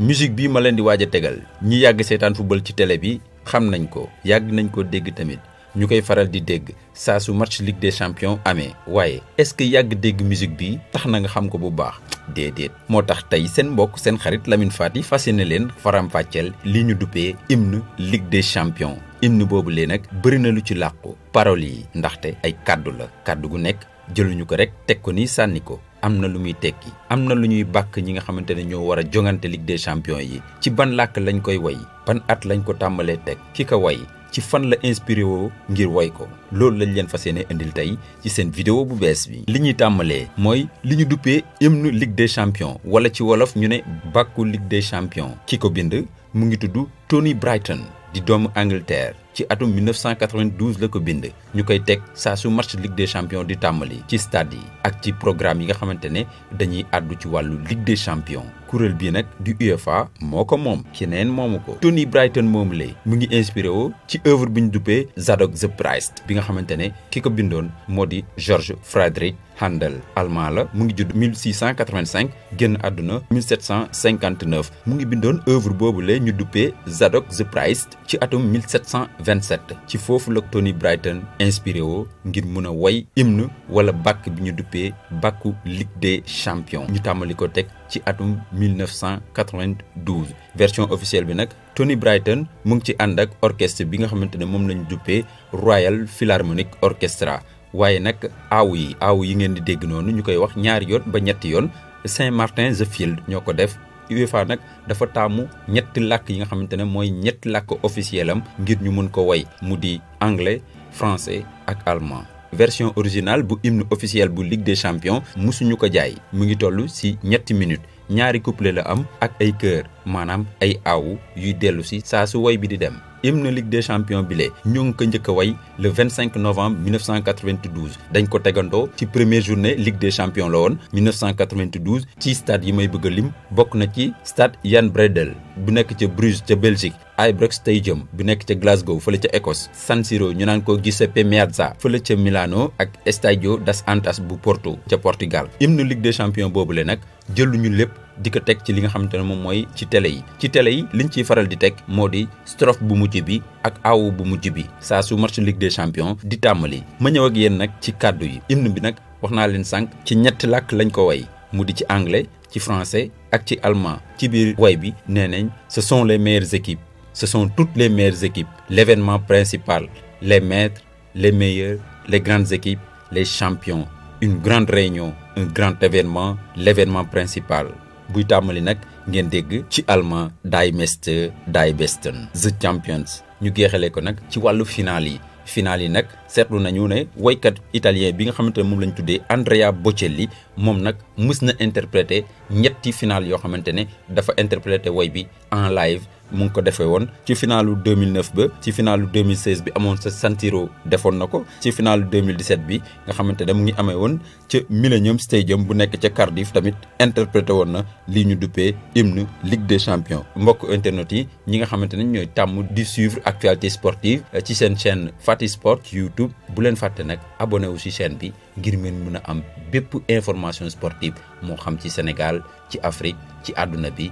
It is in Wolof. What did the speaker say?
musique bi ma leen di waaj a tegal ñi yàgg seetaan football ci tele bi xam nañ ko yàgg nañ ko dégg tamit ñu koy faral di dégg saa su match Ligue des champions amee waaye est-ce que yàgg dégg musique bi tax na nga xam ko bu baax déedéet moo tax tey seen mbokk seen xarit Lamine Fati fas yéene leen faram-fàcceel li ñu duppee hymne Ligue des champions hymne boobu lee nag bëri na lu ci làqu paroles yi ndaxte ay kàddu la kàddu gu nekk jëluñu ko rek teg ko ni sànni ko amna teki. lu muy tekki amna lu ñuy bàkk ñi nga xamante ñoo war a jongante Ligue des champions yi ci ban làkk lañ koy woy ban at lañ ko tàmbalee teg ki ko ci fan la inspiré woo ngir way ko loolu lañ leen fas indil ci seen vidéo bu bees bi li ñuy tàmbalee mooy li ñu Ligue des champions wala ci wolof ñu ne Ligue des champions ki ko bind mu ngi Tony Brighton di doomu Angleterre ci atum 1992 la ko bind ñu koy teg saa su match Ligue des champions di tàmbali ci stade yi ak ci programme yi nga xamante ne dañuy àddu ci wàllu Ligue des champions kuréel bii nag du UEFA moo ko moom keneen moomu ko Tony Brighton moomu le. mu ngi inspiré au ci œuvre bi ñu duppee Zadok the Priest bi nga xamante ne ki ko bindoon moo di George Frederick Handel allemand la mu ngi judd 1685 génn àdduna 1759 mu ngi bindoon œuvre boobu la ñu duppee Zadok the Priest ci atum 1700 27 ci fofu la Tony Brighton inspiré woo ngir mëna way wala bak bi ñu baku bàkku Ligue des champions ñu tamaliko tek ci atum 1992 version officielle bi nak Tony Brighton mu ngi ci andak orchestre bi nga xamantene mom lañu Royal Philharmonic Orchestra waaye nak aw yi aw yi ngeen di dégg nonu ñukay wax ñaar yoon ba ñetti yoon Saint Martin's Field ñoko def UEFA nag dafa taamu ñetti làkk yi nga xamante ne mooy ñetti làkk officiel am ngir ñu mën ko way mu di anglais français ak allemand version originale bu hymne officiel bu Ligue des champion mosuñu ko jaay mu ngi toll ci ñetti minutes ñaari couplet la am ak ay chœur maanaam ay awu yuy dellu ci saa su woy bi di dem hymne Ligue des champions billet. ko le 25 novembre 1992 dañ ko tegandoo ci première journée Ligue des champions la 1992... 1992 ci stade yi may bëgg lim bokku na ci stade Jan Bredel... bu nekk ci Bruges ci Belgique Ibrox Stadium bu nekk ca Glasgow fële ca Écosse San Siro ñu naan ko Giuseppe Meazza fële ca Milano ak Estádio das Antas bu Porto ca Portugal hymne Ligue des boobu boobule nag jëluñu lépp di ko teg ci li nga xamante ne moom mooy ci tele yi ci tele yi liñ ciy faral di teg moo di strophe bu mujj bi ak awu bu mujj bi saa su match Ligue des Champions di tàmbali ma ñëw ak yéen nag ci kàddu yi hymne bi nag wax naa leen sànq ci ñetti làkk lañ ko way mu di ci anglais ci français ak ci allemand ci biir way bi nee nañ ce sont les meilleures équipes ce sont toutes les meilleures équipes, l'événement principal, les maîtres, les meilleurs, les grandes équipes, les champions. Une grande réunion, un grand événement, l'événement principal. Buita tàmmali nag Chi ci allemand Die Meister, Die Besten, The Champions. ñu Chiwalu ko ci final final yi nag seetlu nañu ne woykat italien bi nga xamantene mom lañ tuddé Andrea Bocelli mom nak musna interpréter ñetti final yo xamantene dafa interpréter way bi en live mu ngi ko defee won ci finalu 2009 ba ci finalu 2016 bi amoon sa San Siro nako ci finalu 2017 bi nga xamantene ne mu ngi amé won ci Millennium Stadium bu nek ci Cardiff tamit interpréter won na li ñu duppee hymne Ligue des Champions mbokk internet yi ñi nga xamantene ñoy ñooy di suivre actualité sportive ci sen chaîne Fati Sport YouTube bu len faté nak abonné wu chaîne bi ngir am bép information sportive ci Sénégal ci Afrique ci aduna bi